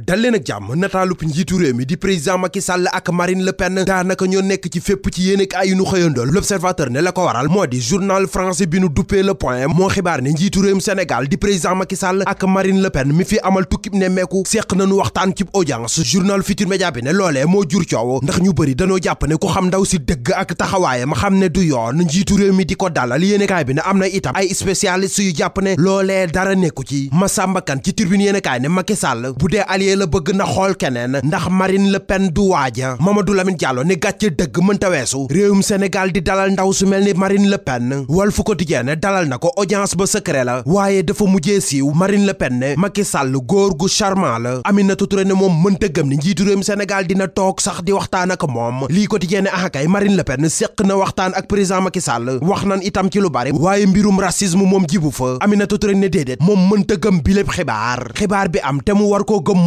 dal leen ak jàmm nataalub njiitu réew mi di président Macky Sall ak Marine Le Pen daanaka ñoo nekk ci fépp ci yéen ak ay yu nu xëyandool l'observateur ne la ko waral moo di journal français bi nu duppee le point moo xibaar ne njiitu réewum Sénégal di président Macky Sall ak Marine Le Pen mi fi amal tukkib nemmeeku seq nañu waxtaan cib audience journal Futur Média bi ne loolee moo jur coow ndax ñu bëri danoo jàpp ne ku xam ndaw si dëgg ak taxawaayam xam ne du yoon njiitu réew mi di ko dalal yéenekaay bi ne am na itam ay spécialistes yu jàpp ne loolee dara nekku ci Massamba Kane ci tribune yéenekaay ne Macky Sall bu dee Maliens la bëgg na xool keneen ndax Marine Le Pen du waaja Mamadou Lamine Diallo ni gàcce dëgg mënta weesu réewum Sénégal di dalal ndaw su mel ni Marine Le Pen Walf Quotidien dalal na ko audience ba secret la waaye dafa mujjee siiw Marine Le Pen ne Macky Sall góor gu charmant la Aminata Touré ne moom mënta gëm ni njiitu réewum Sénégal dina toog sax di waxtaan ak moom lii Quotidien axakay ah Marine Le Pen séq na waxtaan ak président Macky Sall wax nan itam ci lu bari waaye mbirum racisme moom jibu fa Aminata Touré ne déedéet moom mënta gëm bi lépp xibaar xibaar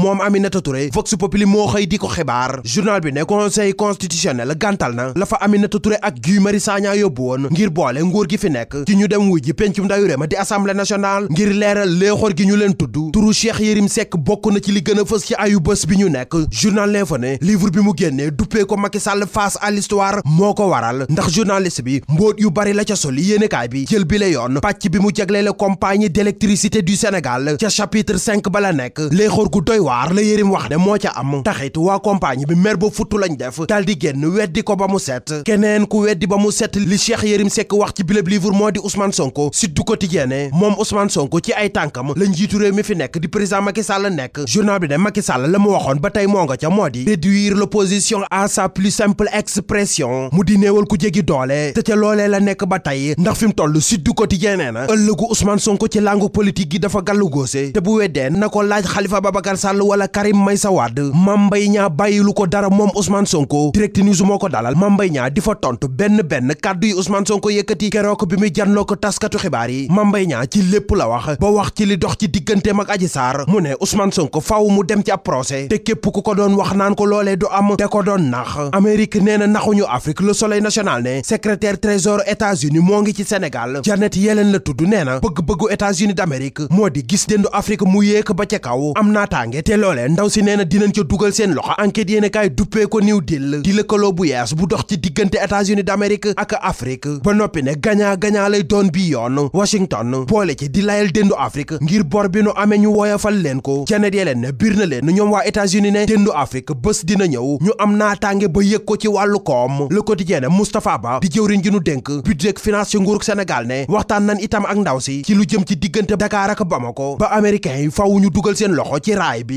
moom Aminata Touré Vox Populi moo xëy di ko xibaar journal bi ne conseil constitutionnel gàntal na la fa Aminata ak Guy Marius Sagna yóbbu woon ngir boole nguur gi fi nekk ci ñu dem wuj ji pencum ndawi réew ma di assemblée nationale ngir leeral léexoor gi ñu leen tudd turu Cheikh Yérim Seck bokk na ci li gën a fës ci ayu bés bi ñu nekk journal L'Info livre bi mu génnee duppee ko Macky Sall face à l'histoire moo ko waral ndax journaliste bi mbóot yu bari la ca soli yéenekaay bi jël bi la yoon pàcc bi mu jaglee la compagnie d'électricité du Sénégal ca chapitre 5 la nekk waar la yërim wax de moo ca am taxit waa compagnie bi mer ba futtu lañ def dal génn weddi ko ba mu set keneen ku weddi ba mu set li Cheikh Yérim Seck wax ci bileb livre moo di Ousmane Sonko ci ay tànkam la njiitu réew mi fi nekk di président Macky Sall nekk journal bi ne Macky la mu waxoon ba tey moo nga ca moo di réduire l'opposition à sa plus simple expression mu di néewal ku jéggi doole te ca loolee la nekk ba tey ndax fi mu toll Sud du Quotidien nee na ëllëgu Ousmane Sonko ci langue politique gi ko laaj wala Karim Meïssa Wade Mame Mbaye Niang bàyyilu ko dara moom Ousmane Sonko Direct moo ko dalal Mame Mbaye Niang di fa tontu benn benn kàddu yi Ousmane Sonko yëkkati keroog bi muy janloo ko taskatu xibaar yi Mame Mbaye Niang ci lépp la wax ba wax ci li dox ci digganteem ak aji saar mu ne Ousmane Sonko faw mu dem ci ab procès te képp ku ko doon wax naan ko loolee du am te ko doon nax Amérique nee na naxuñu Afrique le Soleil national ne secrétaire trésor états moo ngi ci Sénégal Janet Yellen la tudd nee na bëgg-bëggu États-Unis moo di gis dendu Afrique mu yéeg ba ca kaw am naataange loole ndaw si nee na dinañ ca dugal seen loxo enquête yéen kaay duppee ko new deal di lëkkaloo bu yees bu dox ci diggante États-Unis d'Amérique ak Afrique ba noppi ne gagnant-gagnant lay doon bi yoon Washington boole ci di layal déndu Afrique ngir bor bi nu amee ñu woyofal leen ko janet yeleen ne biir na leen ñoom waa États-Unis ne déndu Afrique bés dina ñëw ñu am naataange ba yëg ko ci wàllu koom le quotidien ne Moustapha Ba di jëwriñ gi nu dénk budget ak finance ci nguurug Sénégal ne waxtaan nan itam ak ndaw si ci lu jëm ci diggante Dakar ak Bamako ba américains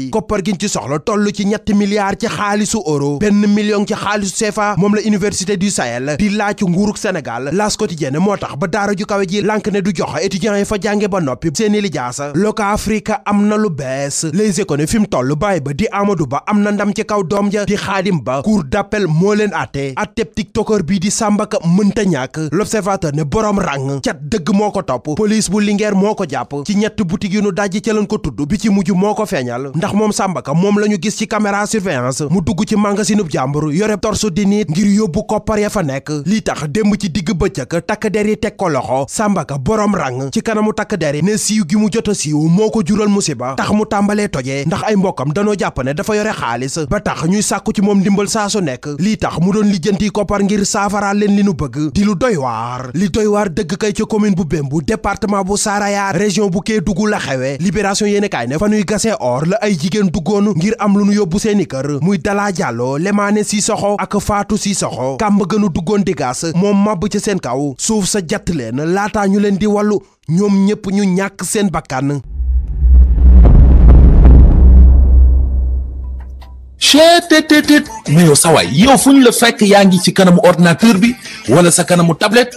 yi koppar giñ ci soxla toll ci ñetti milliards ci xaalisu euro benn million ci xaalisu CFA moom la université du Sahel di laaj nguuruk Sénégal L'As Quotidien moo tax ba daara ju kawe ji lànk ne du joxe étudiants yi fa jànge ba noppi seeni lijaasa loka Afrika am na lu bees Les Échos ne fi mu bàyyi ba di Amadou Ba am na ndam ci kaw doom ja di Xaadim Ba cour d'appel moo leen atte atteb tiktokeur bii di Samba Ka mënta ñàkk L'Observateur ne boroom rang cat dëgg moo ko topp police bu Linguère moo ndax moom Samba Ka moom la ñu gis ci caméra surveillance mu dugg ci magasinub jàmbur yore torsu di nit ngir yóbbu koppar ya fa nekk lii tax démb ci digg bëccëg takk der yi teg ko loxo Samba Ka boroom rang ci kanamu takk der yi ne siiw gi mu jot a siiw moo ko jural musiba tax mu tàmbalee tojee ndax ay mbokkam danoo jàpp ne dafa yore xaalis ba tax ñuy sàkku ci moom ndimbal saa su nekk lii tax mu doon lijjanti koppar ngir saafaraal leen li nu bëgg di lu doy waar li doy waar dëgg kay ci commune bu Bembu département bu Saraya région bu Kédougou la xewe libération yéene jigéen duggoon ngir am lu nu yóbbu seeni kër muy Dalla Diallo Lemaane soxo ak faatu Fatou Sissoko kàmb gënu duggoon di gaas moom màbb ca seen kaw suuf sa jatt leen laataa ñu leen di wàllu ñoom ñépp ñu ñàkk seen bakkan cheetetetet mais yow sawaay yow yaa ngi ci kanamu ordinateur bi wala sa kanamu tablette